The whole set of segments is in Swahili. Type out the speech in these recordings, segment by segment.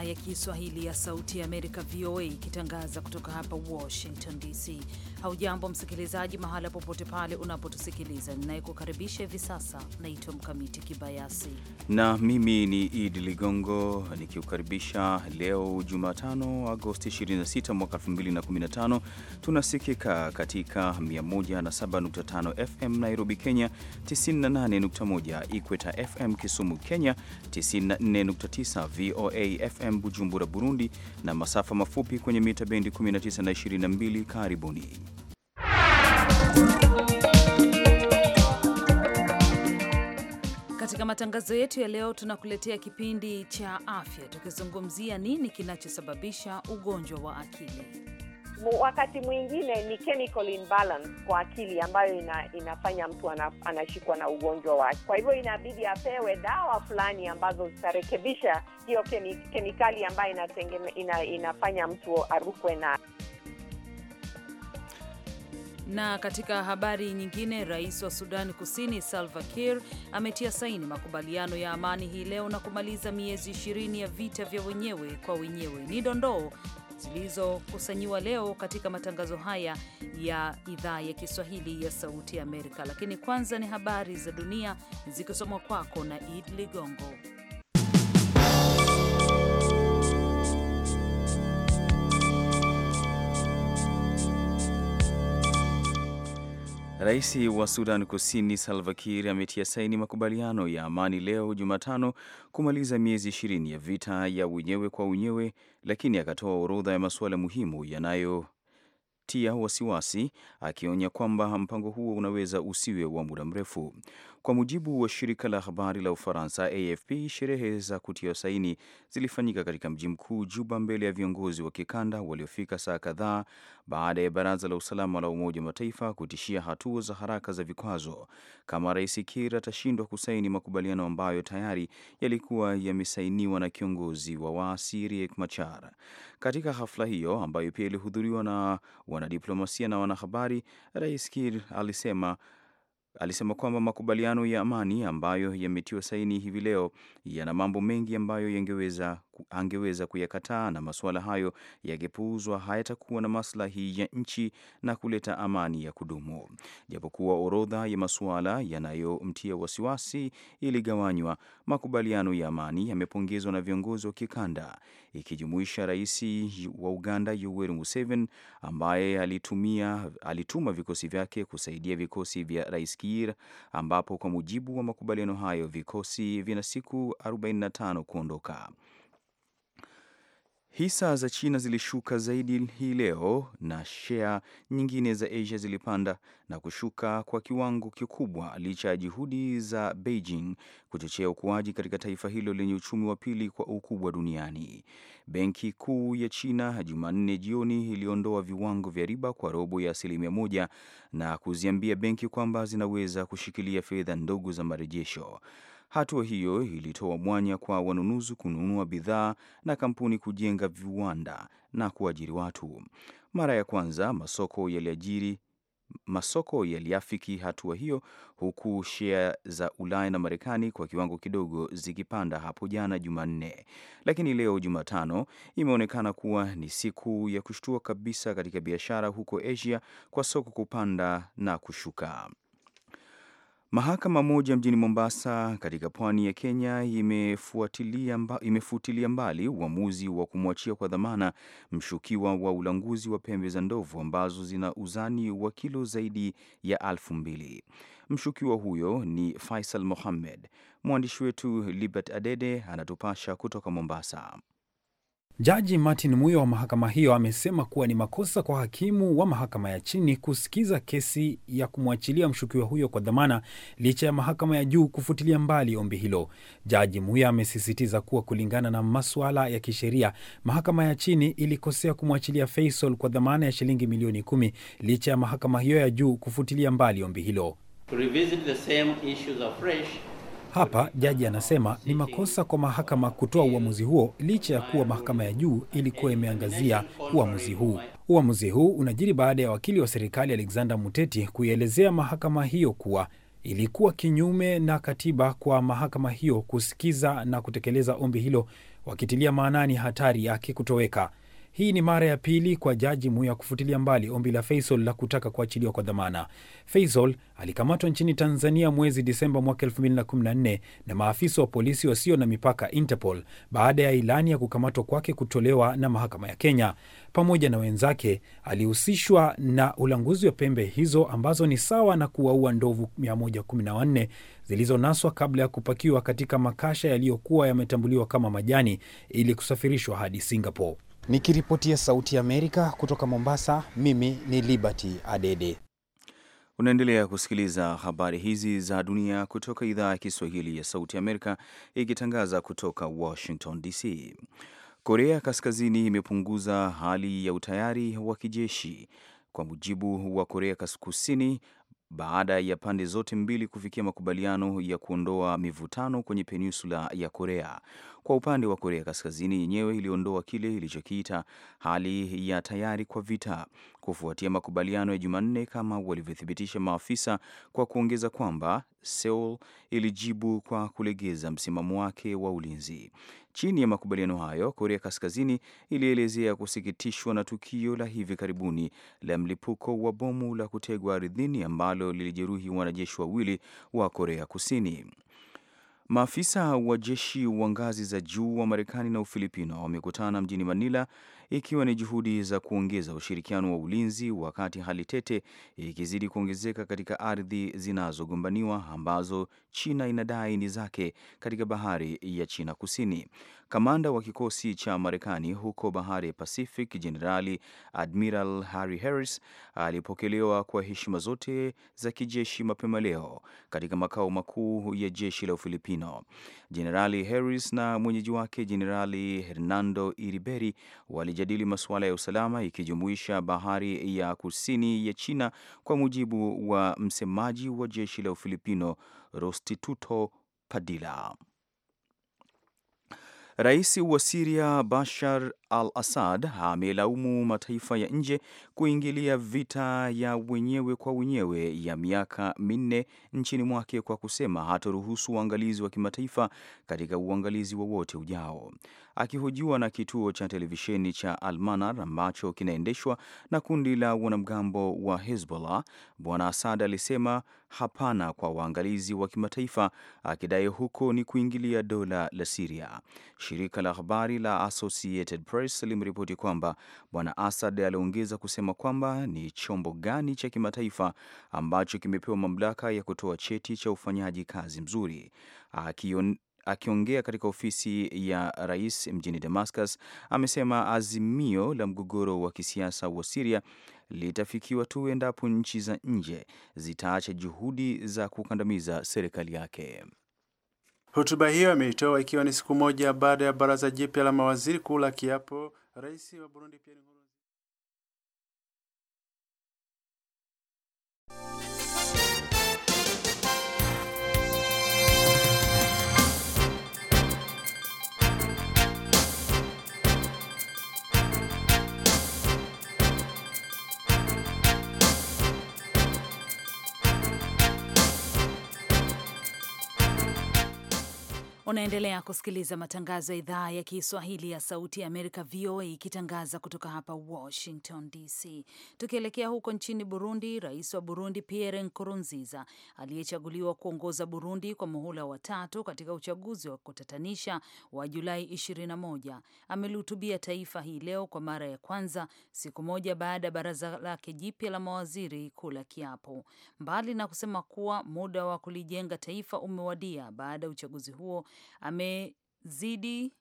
idhaa ya Kiswahili ya Sauti ya Amerika, VOA, ikitangaza kutoka hapa Washington DC. Haujambo msikilizaji, mahala popote pale unapotusikiliza. Ninayekukaribisha hivi sasa naitwa Mkamiti Kibayasi na mimi ni Idi Ligongo nikiukaribisha leo Jumatano, Agosti 26 mwaka 2015. Tunasikika katika 107.5 FM Nairobi, Kenya, 98.1 Ikweta FM Kisumu, Kenya, 94.9 VOA FM FM Bujumbura, Burundi, na masafa mafupi kwenye mita bendi 19 na 22. Karibuni katika matangazo yetu ya leo. Tunakuletea kipindi cha afya tukizungumzia nini kinachosababisha ugonjwa wa akili wakati mwingine ni chemical imbalance kwa akili ambayo ina, inafanya mtu anashikwa na ugonjwa wake. Kwa hivyo inabidi apewe dawa fulani ambazo zitarekebisha hiyo kemikali ambayo ina, inafanya mtu arukwe na na katika habari nyingine, rais wa Sudan Kusini Salva Kiir ametia saini makubaliano ya amani hii leo na kumaliza miezi ishirini ya vita vya wenyewe kwa wenyewe. Ni dondoo zilizokusanyiwa leo katika matangazo haya ya idhaa ya Kiswahili ya Sauti ya Amerika. Lakini kwanza ni habari za dunia zikisomwa kwako na Id Ligongo. Rais wa Sudan Kusini Salva Kiir ametia saini makubaliano ya amani leo Jumatano kumaliza miezi ishirini ya vita ya wenyewe kwa wenyewe, lakini akatoa orodha ya masuala muhimu yanayotia wasiwasi, akionya kwamba mpango huo unaweza usiwe wa muda mrefu. Kwa mujibu wa shirika la habari la Ufaransa AFP, sherehe za kutia saini zilifanyika katika mji mkuu Juba mbele ya viongozi wa kikanda waliofika saa kadhaa baada ya Baraza la Usalama la Umoja wa Mataifa kutishia hatua za haraka za vikwazo kama Rais Kiir atashindwa kusaini makubaliano ambayo tayari yalikuwa yamesainiwa na kiongozi wa waasi Riek Machar. Katika hafla hiyo ambayo pia ilihudhuriwa na wanadiplomasia na wanahabari, Rais Kiir alisema alisema kwamba makubaliano ya amani ambayo yametiwa saini hivi leo yana mambo mengi ambayo yangeweza angeweza kuyakataa na masuala hayo yangepuuzwa, hayatakuwa na maslahi ya nchi na kuleta amani ya kudumu. Japokuwa orodha ya masuala yanayomtia wasiwasi iligawanywa, makubaliano ya amani yamepongezwa na viongozi wa kikanda ikijumuisha rais wa Uganda Yoweri Museveni ambaye alitumia, alituma vikosi vyake kusaidia vikosi vya Rais Kiir ambapo kwa mujibu wa makubaliano hayo vikosi vina siku 45 kuondoka. Hisa za China zilishuka zaidi hii leo na shea nyingine za Asia zilipanda na kushuka kwa kiwango kikubwa licha ya juhudi za Beijing kuchochea ukuaji katika taifa hilo lenye uchumi wa pili kwa ukubwa duniani. Benki Kuu ya China Jumanne jioni iliondoa viwango vya riba kwa robo ya asilimia moja na kuziambia benki kwamba zinaweza kushikilia fedha ndogo za marejesho. Hatua hiyo ilitoa mwanya kwa wanunuzi kununua bidhaa na kampuni kujenga viwanda na kuajiri watu. Mara ya kwanza masoko yaliajiri masoko yaliafiki hatua hiyo, huku shea za Ulaya na Marekani kwa kiwango kidogo zikipanda hapo jana Jumanne, lakini leo Jumatano imeonekana kuwa ni siku ya kushtua kabisa katika biashara huko Asia, kwa soko kupanda na kushuka. Mahakama moja mjini Mombasa katika pwani ya Kenya imefutilia mba, mbali uamuzi wa kumwachia kwa dhamana mshukiwa wa ulanguzi wa pembe za ndovu ambazo zina uzani wa kilo zaidi ya alfu mbili. Mshukiwa huyo ni Faisal Mohammed. Mwandishi wetu Libert Adede anatupasha kutoka Mombasa. Jaji Martin Muyo wa mahakama hiyo amesema kuwa ni makosa kwa hakimu wa mahakama ya chini kusikiza kesi ya kumwachilia mshukiwa huyo kwa dhamana licha ya mahakama ya juu kufutilia mbali ombi hilo. Jaji Muyo amesisitiza kuwa kulingana na masuala ya kisheria, mahakama ya chini ilikosea kumwachilia Faisal kwa dhamana ya shilingi milioni kumi licha ya mahakama hiyo ya juu kufutilia mbali ombi hilo. Hapa jaji anasema ni makosa kwa mahakama kutoa uamuzi huo licha ya kuwa mahakama ya juu ilikuwa imeangazia uamuzi huu. Uamuzi huu unajiri baada ya wakili wa serikali Alexander Muteti kuielezea mahakama hiyo kuwa ilikuwa kinyume na katiba kwa mahakama hiyo kusikiza na kutekeleza ombi hilo, wakitilia maanani hatari yake kutoweka. Hii ni mara ya pili kwa jaji Muya kufutilia mbali ombi la Faisal la kutaka kuachiliwa kwa dhamana. Faisal alikamatwa nchini Tanzania mwezi Disemba mwaka 2014 na maafisa wa polisi wasio na mipaka Interpol baada ya ilani ya kukamatwa kwake kutolewa na mahakama ya Kenya. Pamoja na wenzake, alihusishwa na ulanguzi wa pembe hizo ambazo ni sawa na kuwaua ndovu 114 zilizonaswa kabla ya kupakiwa katika makasha yaliyokuwa yametambuliwa kama majani ili kusafirishwa hadi Singapore. Nikiripotia Sauti ya Amerika kutoka Mombasa, mimi ni Liberty Adede. Unaendelea kusikiliza habari hizi za dunia kutoka idhaa ya Kiswahili ya Sauti Amerika ikitangaza kutoka Washington DC. Korea Kaskazini imepunguza hali ya utayari wa kijeshi kwa mujibu wa Korea Kusini baada ya pande zote mbili kufikia makubaliano ya kuondoa mivutano kwenye peninsula ya Korea. Kwa upande wa Korea Kaskazini yenyewe iliondoa kile ilichokiita hali ya tayari kwa vita kufuatia makubaliano ya Jumanne kama walivyothibitisha maafisa, kwa kuongeza kwamba Seoul ilijibu kwa kulegeza msimamo wake wa ulinzi. Chini ya makubaliano hayo, Korea Kaskazini ilielezea kusikitishwa na tukio la hivi karibuni la mlipuko wa bomu la kutegwa ardhini ambalo lilijeruhi wanajeshi wawili wa Korea Kusini. Maafisa wa jeshi wa ngazi za juu wa Marekani na Ufilipino wamekutana mjini Manila ikiwa ni juhudi za kuongeza ushirikiano wa ulinzi, wakati hali tete ikizidi kuongezeka katika ardhi zinazogombaniwa ambazo China inadai ni zake katika bahari ya China Kusini. Kamanda wa kikosi cha Marekani huko bahari ya Pacific, Jenerali Admiral Harry Harris alipokelewa kwa heshima zote za kijeshi mapema leo katika makao makuu ya jeshi la Ufilipino. Jenerali Harris na mwenyeji wake Jenerali Hernando Iriberi walijadili masuala ya usalama ikijumuisha bahari ya kusini ya China, kwa mujibu wa msemaji wa jeshi la Ufilipino Rostituto Padilla. Rais wa Syria Bashar al-Assad amelaumu mataifa ya nje kuingilia vita ya wenyewe kwa wenyewe ya miaka minne nchini mwake kwa kusema hataruhusu uangalizi wa kimataifa katika uangalizi wowote ujao. Akihojiwa na kituo cha televisheni cha Almanar ambacho kinaendeshwa na kundi la wanamgambo wa Hezbollah, Bwana Assad alisema hapana kwa waangalizi wa kimataifa, akidai huko ni kuingilia dola la Siria. Shirika la habari la Associated Press Press limeripoti kwamba Bwana Assad aliongeza kusema kwamba ni chombo gani cha kimataifa ambacho kimepewa mamlaka ya kutoa cheti cha ufanyaji kazi mzuri. Akion, akiongea katika ofisi ya rais mjini Damascus, amesema azimio la mgogoro wa kisiasa wa Siria litafikiwa tu endapo nchi za nje zitaacha juhudi za kukandamiza serikali yake. Hotuba hiyo ameitoa ikiwa ni siku moja baada ya baraza jipya la mawaziri kula kiapo. Rais wa Burundi Pierre Unaendelea kusikiliza matangazo ya idhaa ya Kiswahili ya Sauti ya Amerika, VOA, ikitangaza kutoka hapa Washington DC. Tukielekea huko nchini Burundi, rais wa Burundi Pierre Nkurunziza aliyechaguliwa kuongoza Burundi kwa muhula wa tatu katika uchaguzi wa kutatanisha wa Julai 21 amelihutubia taifa hii leo kwa mara ya kwanza, siku moja baada ya baraza lake jipya la mawaziri kula kiapo, mbali na kusema kuwa muda wa kulijenga taifa umewadia baada ya uchaguzi huo amezidi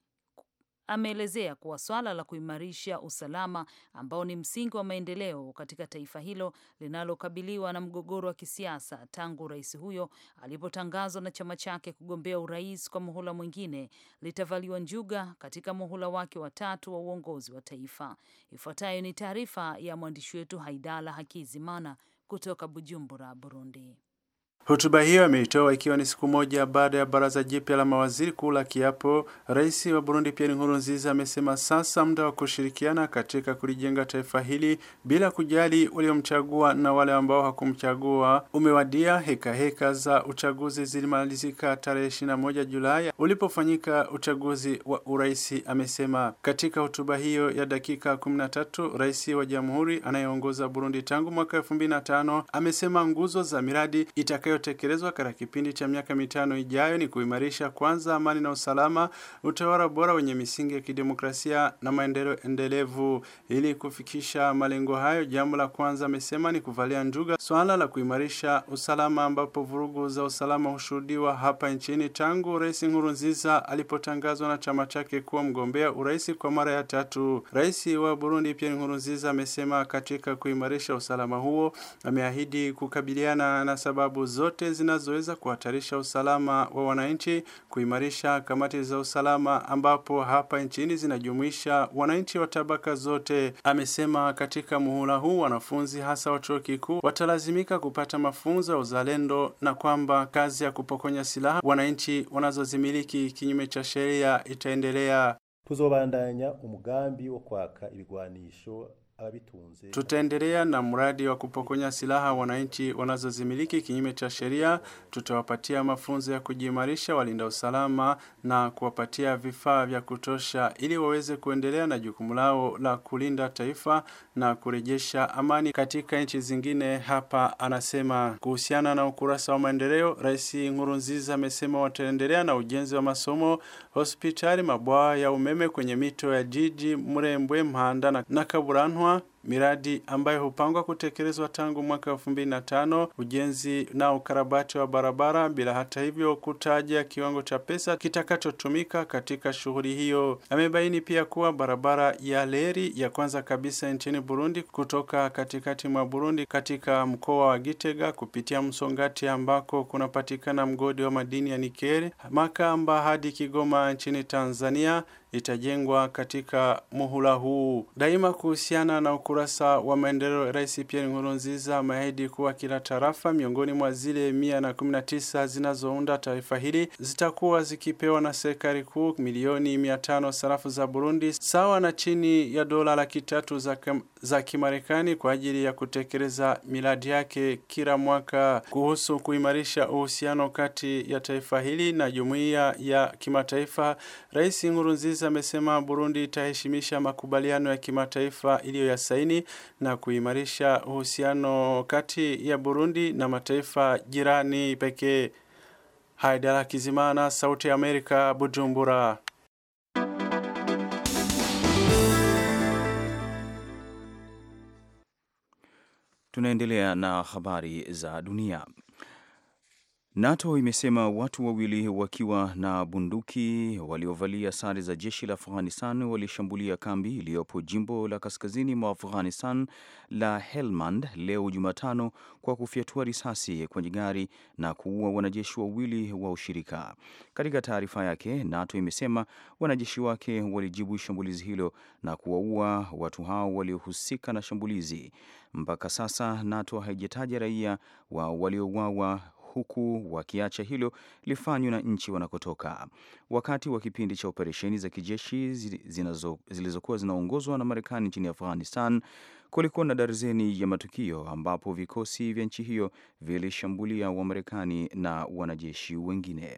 ameelezea kuwa swala la kuimarisha usalama ambao ni msingi wa maendeleo katika taifa hilo linalokabiliwa na mgogoro wa kisiasa tangu rais huyo alipotangazwa na chama chake kugombea urais kwa muhula mwingine litavaliwa njuga katika muhula wake wa tatu wa uongozi wa taifa. Ifuatayo ni taarifa ya mwandishi wetu Haidala Hakizimana kutoka Bujumbura, Burundi. Hotuba hiyo ameitoa ikiwa ni siku moja baada ya baraza jipya la mawaziri kula kiapo. Rais wa Burundi Pierre Nkurunziza amesema sasa muda wa kushirikiana katika kulijenga taifa hili bila kujali waliomchagua na wale ambao hakumchagua umewadia. Heka heka za uchaguzi zilimalizika tarehe 21 Julai ulipofanyika uchaguzi wa urais amesema. Katika hotuba hiyo ya dakika tatu. rais wa jamhuri anayeongoza Burundi tangu mwaka tano amesema nguzo za miradi itaka yatakayotekelezwa katika kipindi cha miaka mitano ijayo ni kuimarisha kwanza amani na usalama, utawala bora wenye misingi ya kidemokrasia na maendeleo endelevu. Ili kufikisha malengo hayo, jambo la kwanza amesema ni kuvalia njuga swala la kuimarisha usalama, ambapo vurugu za usalama hushuhudiwa hapa nchini tangu Rais Nkurunziza alipotangazwa na chama chake kuwa mgombea urais kwa mara ya tatu. Rais wa Burundi Pierre Nkurunziza amesema katika kuimarisha usalama huo ameahidi kukabiliana na sababu zote zinazoweza kuhatarisha usalama wa wananchi, kuimarisha kamati za usalama ambapo hapa nchini zinajumuisha wananchi wa tabaka zote. Amesema katika muhula huu wanafunzi hasa wa chuo kikuu watalazimika kupata mafunzo ya uzalendo na kwamba kazi ya kupokonya silaha wananchi wanazozimiliki kinyume cha sheria itaendelea. tuzobandanya umugambi wo kwaka ibigwanisho Tutaendelea na mradi wa kupokonya silaha wananchi wanazozimiliki kinyume cha sheria. Tutawapatia mafunzo ya kujiimarisha walinda usalama na kuwapatia vifaa vya kutosha ili waweze kuendelea na jukumu lao la kulinda taifa na kurejesha amani katika nchi zingine. Hapa anasema kuhusiana na ukurasa wa maendeleo, Rais Nkurunziza amesema wataendelea na ujenzi wa masomo, hospitali, mabwawa ya umeme kwenye mito ya jiji mrembwe Mpanda na Kaburanwa Noah miradi ambayo hupangwa kutekelezwa tangu mwaka tano ujenzi na ukarabati wa barabara, bila hata hivyo kutaja kiwango cha pesa kitakachotumika katika shughuli hiyo. Amebaini pia kuwa barabara ya leri ya kwanza kabisa nchini Burundi kutoka katikati mwa Burundi katika mkoa wa Gitega kupitia Msongati ambako kunapatikana mgodi wa madini ya nikeli Makamba hadi Kigoma nchini Tanzania itajengwa katika muhula huu. Daima kuhusiana na ukura ukurasa wa maendeleo, Rais Pierre Nkurunziza ameahidi kuwa kila tarafa miongoni mwa zile 119 zinazounda taifa hili zitakuwa zikipewa na serikali kuu milioni 500 sarafu za Burundi sawa na chini ya dola laki tatu za, za Kimarekani kwa ajili ya kutekeleza miradi yake kila mwaka kuhusu kuimarisha uhusiano kati ya taifa hili na jumuiya ya kimataifa. Rais Nkurunziza amesema Burundi itaheshimisha makubaliano ya kimataifa iliyoyasaini saini na kuimarisha uhusiano kati ya Burundi na mataifa jirani pekee. Haidara Kizimana, Sauti ya Amerika, Bujumbura. Tunaendelea na habari za dunia. NATO imesema watu wawili wakiwa na bunduki waliovalia sare za jeshi la Afghanistan walishambulia kambi iliyopo jimbo la kaskazini mwa Afghanistan la Helmand leo Jumatano kwa kufyatua risasi kwenye gari na kuua wanajeshi wawili wa ushirika. Katika taarifa yake, NATO imesema wanajeshi wake walijibu shambulizi hilo na kuwaua watu hao waliohusika na shambulizi. Mpaka sasa NATO haijataja raia wa waliouawa huku wakiacha hilo lifanywe na nchi wanakotoka. Wakati wa kipindi cha operesheni za kijeshi zilizokuwa zinaongozwa na Marekani nchini Afghanistan, kulikuwa na darzeni ya matukio ambapo vikosi vya nchi hiyo vilishambulia Wamarekani na wanajeshi wengine.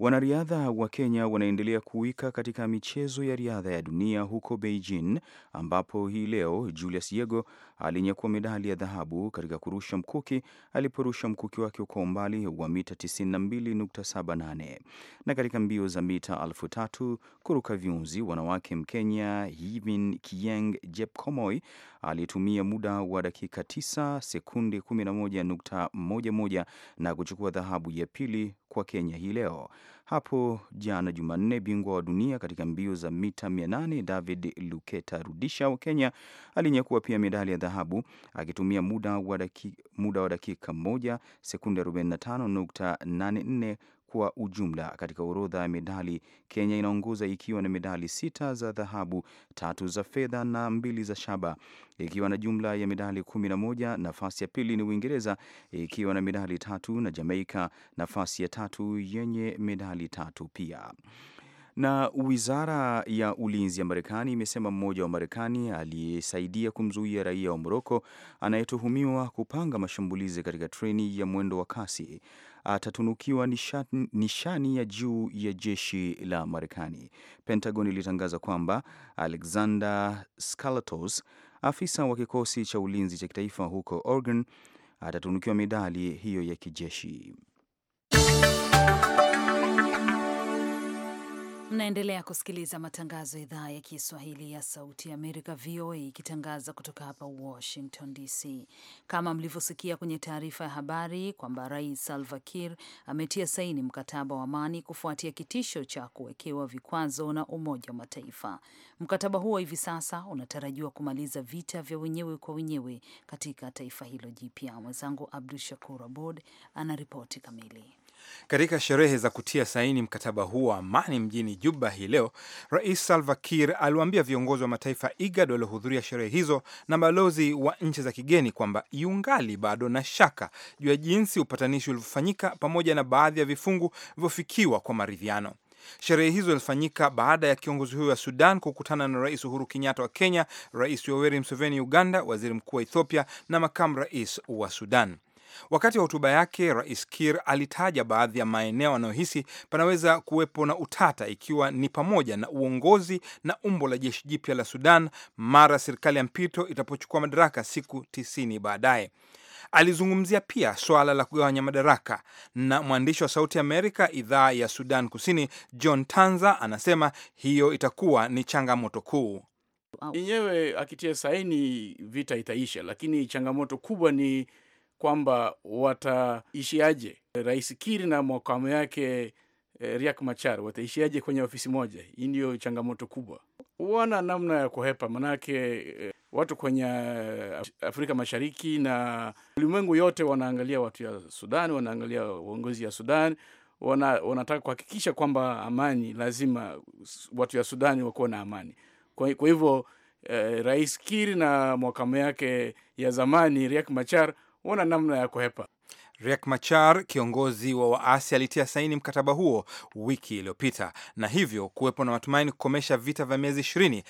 Wanariadha wa Kenya wanaendelea kuwika katika michezo ya riadha ya dunia huko Beijing, ambapo hii leo Julius Yego alinyakua medali ya dhahabu katika kurusha mkuki aliporusha mkuki wake kwa umbali wa mita 92.78. Na katika mbio za mita elfu tatu kuruka viunzi wanawake, Mkenya Yvin kiyeng Jepkomoi alitumia muda wa dakika 9 sekunde 11.11 na kuchukua dhahabu ya pili kwa Kenya hii leo. Hapo jana Jumanne, bingwa wa dunia katika mbio za mita 800 David Luketa Rudisha wa Kenya alinyakua pia medali ya dhahabu akitumia muda wa dakika 1 sekunde 45.84 kwa ujumla. Katika orodha ya medali, Kenya inaongoza ikiwa na medali sita za dhahabu, tatu za fedha na mbili za shaba, ikiwa na jumla ya medali kumi na moja. Nafasi ya pili ni Uingereza ikiwa na medali tatu na Jamaika nafasi ya tatu yenye medali tatu pia na wizara ya ulinzi ya Marekani imesema mmoja wa Marekani aliyesaidia kumzuia raia wa Moroko anayetuhumiwa kupanga mashambulizi katika treni ya mwendo wa kasi atatunukiwa nishani, nishani ya juu ya jeshi la Marekani. Pentagon ilitangaza kwamba Alexander Skalatos, afisa wa kikosi cha ulinzi cha kitaifa huko Oregon, atatunukiwa medali hiyo ya kijeshi. Mnaendelea kusikiliza matangazo ya idhaa ya Kiswahili ya Sauti ya Amerika, VOA, ikitangaza kutoka hapa Washington DC. Kama mlivyosikia kwenye taarifa ya habari kwamba Rais Salva Kiir ametia saini mkataba wa amani kufuatia kitisho cha kuwekewa vikwazo na Umoja wa Mataifa. Mkataba huo hivi sasa unatarajiwa kumaliza vita vya wenyewe kwa wenyewe katika taifa hilo jipya. Mwenzangu Abdu Shakur Abod ana ripoti kamili. Katika sherehe za kutia saini mkataba huu wa amani mjini Juba hii leo, Rais Salva Kiir aliwaambia viongozi wa mataifa IGAD waliohudhuria sherehe hizo na balozi wa nchi za kigeni kwamba yungali bado na shaka juu ya jinsi upatanishi ulivyofanyika pamoja na baadhi ya vifungu vilivyofikiwa kwa maridhiano. Sherehe hizo zilifanyika baada ya kiongozi huyo wa Sudan kukutana na Rais Uhuru Kenyatta wa Kenya, Rais Yoweri Museveni Uganda, Waziri Mkuu wa Ethiopia na Makamu Rais wa Sudan. Wakati wa hotuba yake, Rais kir alitaja baadhi ya maeneo anayohisi panaweza kuwepo na utata, ikiwa ni pamoja na uongozi na umbo la jeshi jipya la Sudan mara serikali ya mpito itapochukua madaraka siku tisini baadaye. Alizungumzia pia swala la kugawanya madaraka, na mwandishi wa Sauti Amerika idhaa ya Sudan Kusini John Tanza anasema hiyo itakuwa ni changamoto kuu yenyewe. Akitia saini, vita itaisha, lakini changamoto kubwa ni kwamba wataishiaje Rais Kiri na mwakamo yake eh, Riak Machar wataishiaje kwenye ofisi moja. Hii ndiyo changamoto kubwa, wana namna ya kuhepa manake eh, watu kwenye eh, Afrika Mashariki na ulimwengu yote wanaangalia watu ya Sudan, wanaangalia uongozi ya Sudan wana, wanataka kuhakikisha kwamba amani, lazima watu ya Sudani wakuwa na amani. Kwa, kwa hivyo eh, Rais Kiri na mwakamo yake ya zamani Riek Machar Una namna ya kuhepa. Riek Machar, kiongozi wa waasi, alitia saini mkataba huo wiki iliyopita na hivyo kuwepo na matumaini kukomesha vita vya miezi ishirini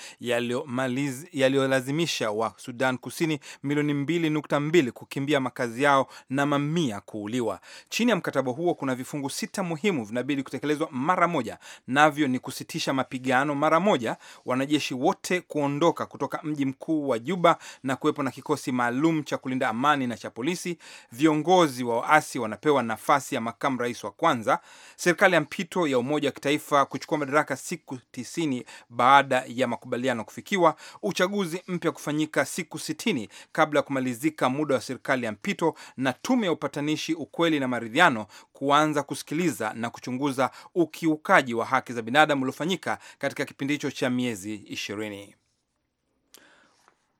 yaliyolazimisha wa Sudan Kusini milioni mbili nukta mbili kukimbia makazi yao na mamia kuuliwa. Chini ya mkataba huo kuna vifungu sita muhimu vinabidi kutekelezwa mara moja, navyo ni kusitisha mapigano mara moja, wanajeshi wote kuondoka kutoka mji mkuu wa Juba na kuwepo na kikosi maalum cha kulinda amani na cha polisi, viongozi wa waasi wanapewa nafasi ya makamu rais wa kwanza, serikali ya mpito ya umoja wa kitaifa kuchukua madaraka siku tisini baada ya makubaliano kufikiwa, uchaguzi mpya kufanyika siku sitini kabla ya kumalizika muda wa serikali ya mpito, na tume ya upatanishi, ukweli na maridhiano kuanza kusikiliza na kuchunguza ukiukaji wa haki za binadamu uliofanyika katika kipindi hicho cha miezi ishirini.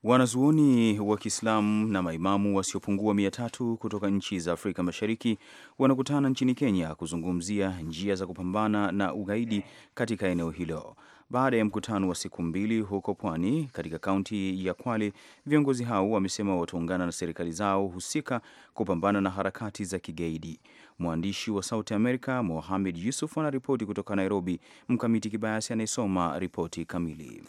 Wanazuoni wa Kiislamu na maimamu wasiopungua mia tatu kutoka nchi za Afrika Mashariki wanakutana nchini Kenya kuzungumzia njia za kupambana na ugaidi katika eneo hilo. Baada ya mkutano wa siku mbili huko Pwani katika kaunti ya Kwale, viongozi hao wamesema wataungana na serikali zao husika kupambana na harakati za kigaidi. Mwandishi wa Sauti Amerika Mohamed Yusuf anaripoti kutoka Nairobi. Mkamiti Kibayasi anayesoma ripoti kamili.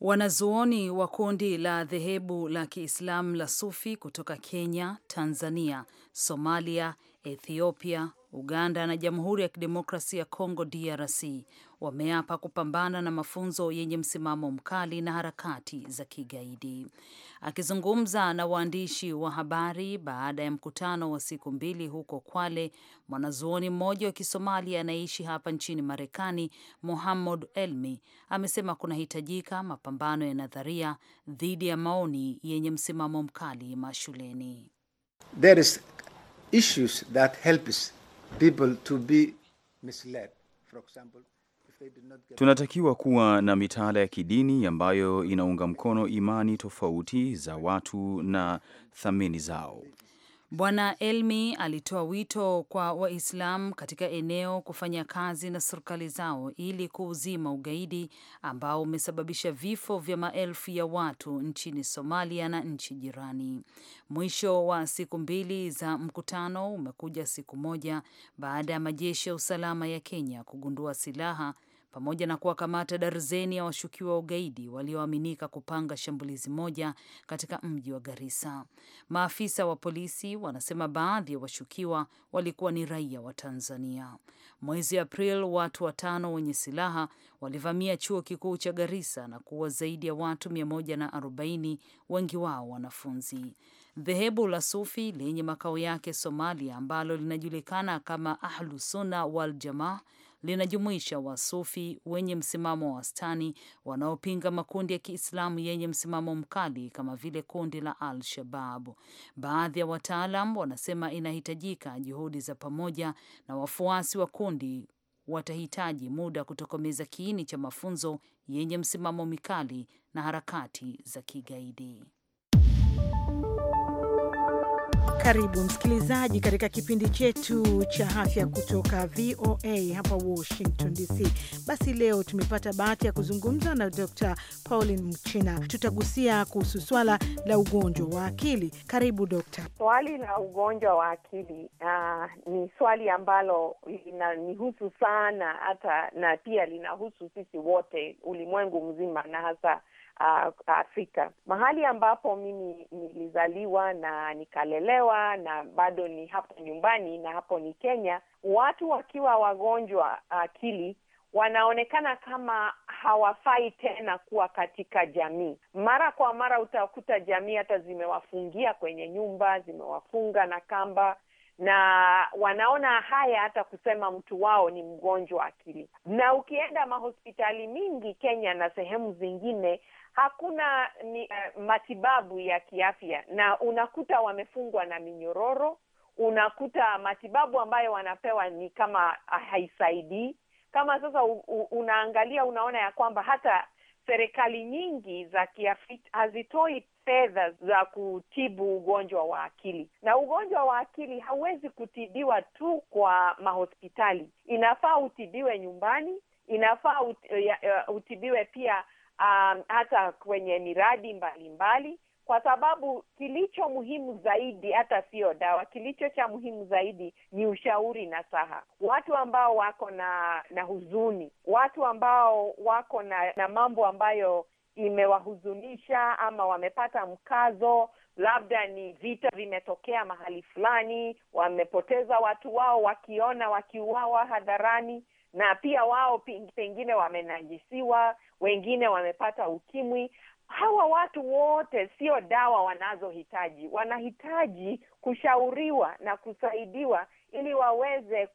Wanazuoni wa kundi la dhehebu la Kiislamu la Sufi kutoka Kenya, Tanzania, Somalia, Ethiopia, Uganda na Jamhuri ya Kidemokrasia ya Kongo DRC wameapa kupambana na mafunzo yenye msimamo mkali na harakati za kigaidi. Akizungumza na waandishi wa habari baada ya mkutano wa siku mbili huko Kwale, mwanazuoni mmoja wa Kisomalia anayeishi hapa nchini Marekani, Muhammad Elmi, amesema kunahitajika mapambano ya nadharia dhidi ya maoni yenye msimamo mkali mashuleni. There is issues that helps people to be misled. For example, Tunatakiwa kuwa na mitaala ya kidini ambayo inaunga mkono imani tofauti za watu na thamini zao. Bwana Elmi alitoa wito kwa Waislamu katika eneo kufanya kazi na serikali zao ili kuuzima ugaidi ambao umesababisha vifo vya maelfu ya watu nchini Somalia na nchi jirani. Mwisho wa siku mbili za mkutano umekuja siku moja baada ya majeshi ya usalama ya Kenya kugundua silaha pamoja na kuwakamata darzeni ya washukiwa wa ugaidi walioaminika kupanga shambulizi moja katika mji wa Garissa. Maafisa wa polisi wanasema baadhi ya wa washukiwa walikuwa ni raia wa Tanzania. Mwezi april watu watano wenye silaha walivamia chuo kikuu cha Garissa na kuua zaidi ya watu 140, wengi wao wanafunzi. Dhehebu la Sufi lenye makao yake Somalia ambalo linajulikana kama Ahlu Sunna wal Jamaa linajumuisha wasufi wenye msimamo wa wastani wanaopinga makundi ya Kiislamu yenye msimamo mkali kama vile kundi la Al Shababu. Baadhi ya wataalam wanasema inahitajika juhudi za pamoja, na wafuasi wa kundi watahitaji muda kutokomeza kiini cha mafunzo yenye msimamo mikali na harakati za kigaidi. Karibu msikilizaji katika kipindi chetu cha afya kutoka VOA hapa Washington DC. Basi leo tumepata bahati ya kuzungumza na Dr Pauline Mchina. Tutagusia kuhusu swala la ugonjwa wa akili. Karibu Dokta. Swali la ugonjwa wa akili uh, ni swali ambalo linanihusu sana hata na pia linahusu sisi wote, ulimwengu mzima na hasa uh, Afrika. Mahali ambapo mimi nilizaliwa na nikalelewa na bado ni hapo nyumbani na hapo ni Kenya, watu wakiwa wagonjwa uh, akili uh, wanaonekana kama hawafai tena kuwa katika jamii. Mara kwa mara utakuta jamii hata zimewafungia kwenye nyumba, zimewafunga na kamba, na wanaona haya hata kusema mtu wao ni mgonjwa akili. Na ukienda mahospitali mingi Kenya na sehemu zingine, hakuna ni, uh, matibabu ya kiafya, na unakuta wamefungwa na minyororo, unakuta matibabu ambayo wanapewa ni kama ah, haisaidii. Kama sasa u, u, unaangalia unaona ya kwamba hata serikali nyingi za kiafrika hazitoi fedha za kutibu ugonjwa wa akili, na ugonjwa wa akili hauwezi kutibiwa tu kwa mahospitali. Inafaa utibiwe nyumbani, inafaa ut, uh, utibiwe pia um, hata kwenye miradi mbalimbali mbali, kwa sababu kilicho muhimu zaidi hata sio dawa. Kilicho cha muhimu zaidi ni ushauri na saha, watu ambao wako na na huzuni, watu ambao wako na, na mambo ambayo imewahuzunisha ama wamepata mkazo, labda ni vita vimetokea mahali fulani, wamepoteza watu wao, wakiona wakiuawa hadharani na pia wao pengine wamenajisiwa, wengine wamepata ukimwi. Hawa watu wote sio dawa wanazohitaji, wanahitaji kushauriwa na kusaidiwa ili waweze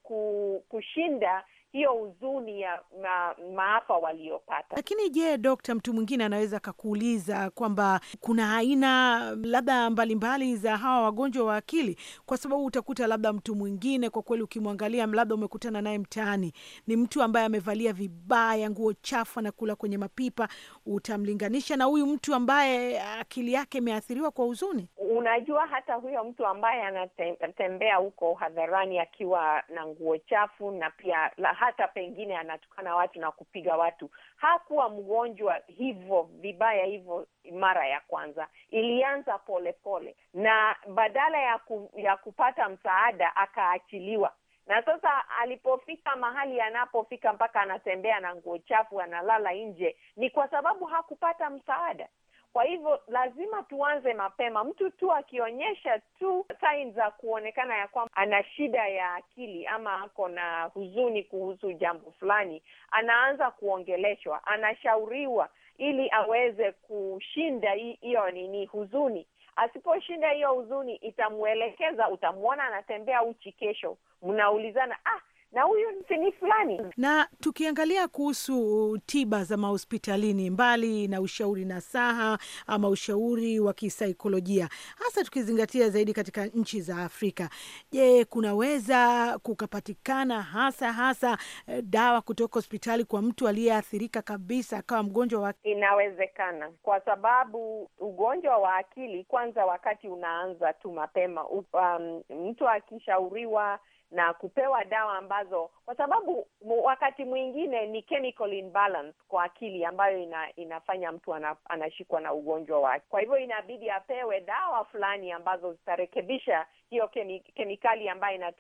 kushinda hiyo huzuni ya ma, maafa waliopata. Lakini je, dokta, mtu mwingine anaweza akakuuliza kwamba kuna aina labda mbalimbali za hawa wagonjwa wa akili, kwa sababu utakuta labda mtu mwingine kwa kweli, ukimwangalia labda umekutana naye mtaani, ni mtu ambaye amevalia vibaya, nguo chafu, anakula kwenye mapipa, utamlinganisha na huyu mtu ambaye akili yake imeathiriwa kwa huzuni. Unajua, hata huyo mtu ambaye anatembea huko hadharani akiwa na nguo chafu na pia la, hata pengine anatukana watu na kupiga watu. Hakuwa mgonjwa hivyo vibaya hivyo mara ya kwanza, ilianza polepole pole. na badala ya, ku, ya kupata msaada akaachiliwa na sasa alipofika mahali anapofika mpaka anatembea na nguo chafu, analala nje, ni kwa sababu hakupata msaada. Kwa hivyo lazima tuanze mapema. Mtu tu akionyesha tu saini za kuonekana ya kwamba ana shida ya akili ama ako na huzuni kuhusu jambo fulani, anaanza kuongeleshwa, anashauriwa ili aweze kushinda hiyo nini huzuni. Asiposhinda hiyo huzuni, itamwelekeza utamwona anatembea uchi, kesho mnaulizana ah na huyu ni fulani. Na tukiangalia kuhusu tiba za mahospitalini, mbali na ushauri na saha ama ushauri wa kisaikolojia, hasa tukizingatia zaidi katika nchi za Afrika, je, kunaweza kukapatikana hasa hasa eh, dawa kutoka hospitali kwa mtu aliyeathirika kabisa akawa mgonjwa wa... Inawezekana kwa sababu ugonjwa wa akili kwanza, wakati unaanza tu mapema, um, mtu akishauriwa na kupewa dawa ambazo, kwa sababu wakati mwingine ni chemical imbalance kwa akili ambayo ina, inafanya mtu anashikwa na ugonjwa wake. Kwa hivyo inabidi apewe dawa fulani ambazo zitarekebisha hiyo kemikali ambayo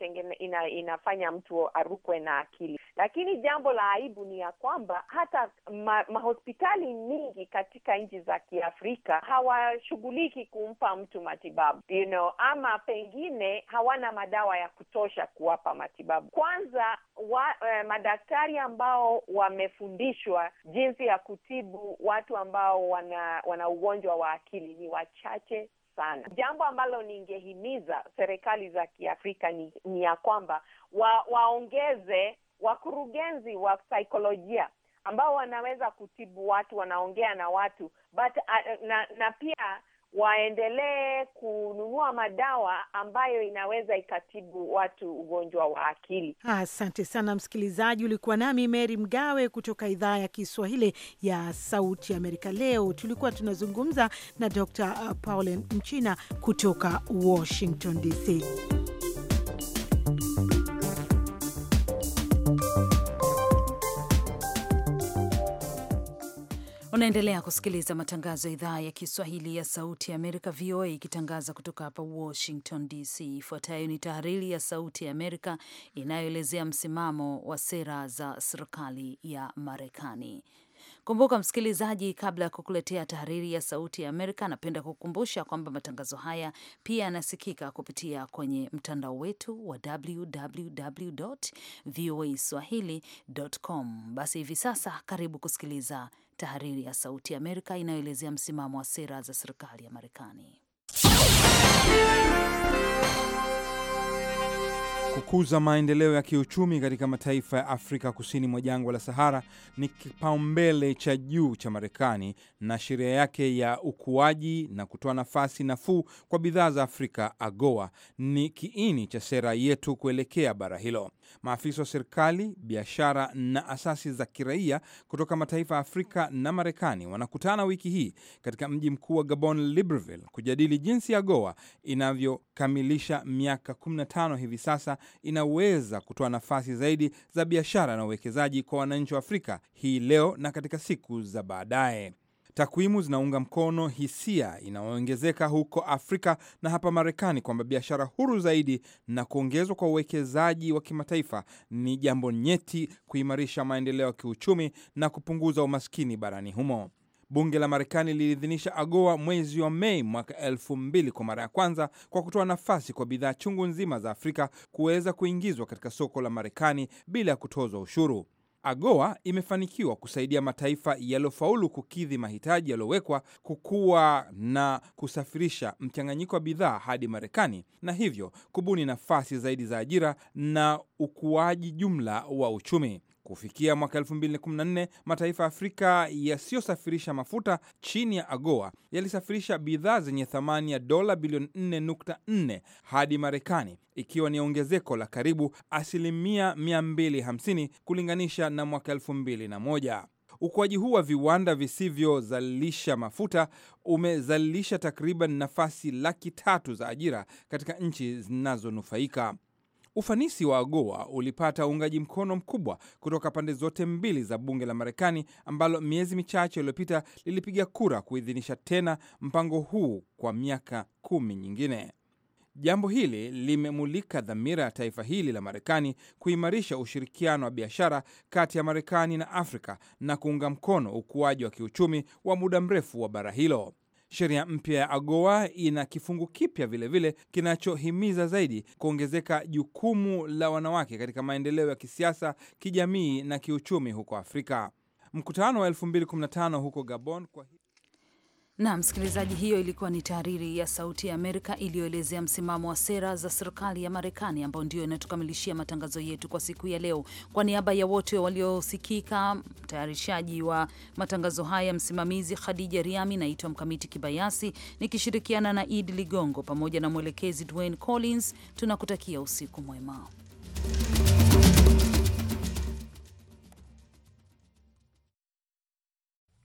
ina, inafanya mtu arukwe na akili. Lakini jambo la aibu ni ya kwamba hata ma, mahospitali mingi katika nchi za Kiafrika hawashughuliki kumpa mtu matibabu you know, ama pengine hawana madawa ya kutosha kuwapa matibabu. Kwanza wa, eh, madaktari ambao wamefundishwa jinsi ya kutibu watu ambao wana, wana ugonjwa wa akili ni wachache sana. Jambo ambalo ningehimiza serikali za Kiafrika ni, ni ya kwamba wa, waongeze wakurugenzi wa saikolojia ambao wanaweza kutibu watu, wanaongea na watu but, uh, na, na pia waendelee kununua madawa ambayo inaweza ikatibu watu ugonjwa wa akili. Asante sana msikilizaji, ulikuwa nami Meri Mgawe kutoka idhaa ya Kiswahili ya Sauti Amerika. Leo tulikuwa tunazungumza na Dr. Uh, Pauline Mchina kutoka Washington DC. Unaendelea kusikiliza matangazo ya idhaa ya Kiswahili ya Sauti ya Amerika, VOA, ikitangaza kutoka hapa Washington DC. Ifuatayo ni tahariri ya Sauti ya Amerika inayoelezea msimamo wa sera za serikali ya Marekani. Kumbuka msikilizaji, kabla ya kukuletea tahariri ya Sauti ya Amerika, napenda kukumbusha kwamba matangazo haya pia yanasikika kupitia kwenye mtandao wetu wa www voa swahili.com. Basi hivi sasa, karibu kusikiliza Tahariri ya Sauti ya Amerika inayoelezea msimamo wa sera za serikali ya Marekani. Kukuza maendeleo ya kiuchumi katika mataifa ya Afrika kusini mwa jangwa la Sahara ni kipaumbele cha juu cha Marekani na sheria yake ya ukuaji na kutoa nafasi nafuu kwa bidhaa za Afrika AGOA ni kiini cha sera yetu kuelekea bara hilo. Maafisa wa serikali, biashara na asasi za kiraia kutoka mataifa ya Afrika na Marekani wanakutana wiki hii katika mji mkuu wa Gabon, Libreville, kujadili jinsi ya AGOA inavyokamilisha miaka 15 hivi sasa inaweza kutoa nafasi zaidi za biashara na uwekezaji kwa wananchi wa Afrika hii leo na katika siku za baadaye. Takwimu zinaunga mkono hisia inayoongezeka huko Afrika na hapa Marekani kwamba biashara huru zaidi na kuongezwa kwa uwekezaji wa kimataifa ni jambo nyeti kuimarisha maendeleo ya kiuchumi na kupunguza umaskini barani humo. Bunge la Marekani liliidhinisha AGOA mwezi wa Mei mwaka elfu mbili kwa mara ya kwanza kwa kutoa nafasi kwa bidhaa chungu nzima za Afrika kuweza kuingizwa katika soko la Marekani bila ya kutozwa ushuru. AGOA imefanikiwa kusaidia mataifa yaliyofaulu kukidhi mahitaji yaliyowekwa kukuwa na kusafirisha mchanganyiko wa bidhaa hadi Marekani na hivyo kubuni nafasi zaidi za ajira na ukuaji jumla wa uchumi. Kufikia mwaka 2014 mataifa ya Afrika yasiyosafirisha mafuta chini ya AGOA yalisafirisha bidhaa zenye thamani ya dola bilioni 4.4 hadi Marekani, ikiwa ni ongezeko la karibu asilimia 250 kulinganisha na mwaka 2001. Ukuaji huu wa viwanda visivyozalisha mafuta umezalisha takriban nafasi laki tatu za ajira katika nchi zinazonufaika. Ufanisi wa AGOA ulipata uungaji mkono mkubwa kutoka pande zote mbili za bunge la Marekani ambalo miezi michache iliyopita lilipiga kura kuidhinisha tena mpango huu kwa miaka kumi nyingine. Jambo hili limemulika dhamira ya taifa hili la Marekani kuimarisha ushirikiano wa biashara kati ya Marekani na Afrika na kuunga mkono ukuaji wa kiuchumi wa muda mrefu wa bara hilo. Sheria mpya ya AGOA ina kifungu kipya vilevile kinachohimiza zaidi kuongezeka jukumu la wanawake katika maendeleo ya kisiasa, kijamii na kiuchumi huko Afrika. Mkutano wa 2015 huko Gabon kwa na msikilizaji, hiyo ilikuwa ni tahariri ya Sauti ya Amerika iliyoelezea msimamo wa sera za serikali ya Marekani, ambao ndio inatukamilishia matangazo yetu kwa siku ya leo. Kwa niaba ya wote waliosikika, mtayarishaji wa matangazo haya, msimamizi Khadija Riami, naitwa Mkamiti Kibayasi nikishirikiana na Idi Ligongo pamoja na mwelekezi Dwayne Collins, tunakutakia usiku mwema.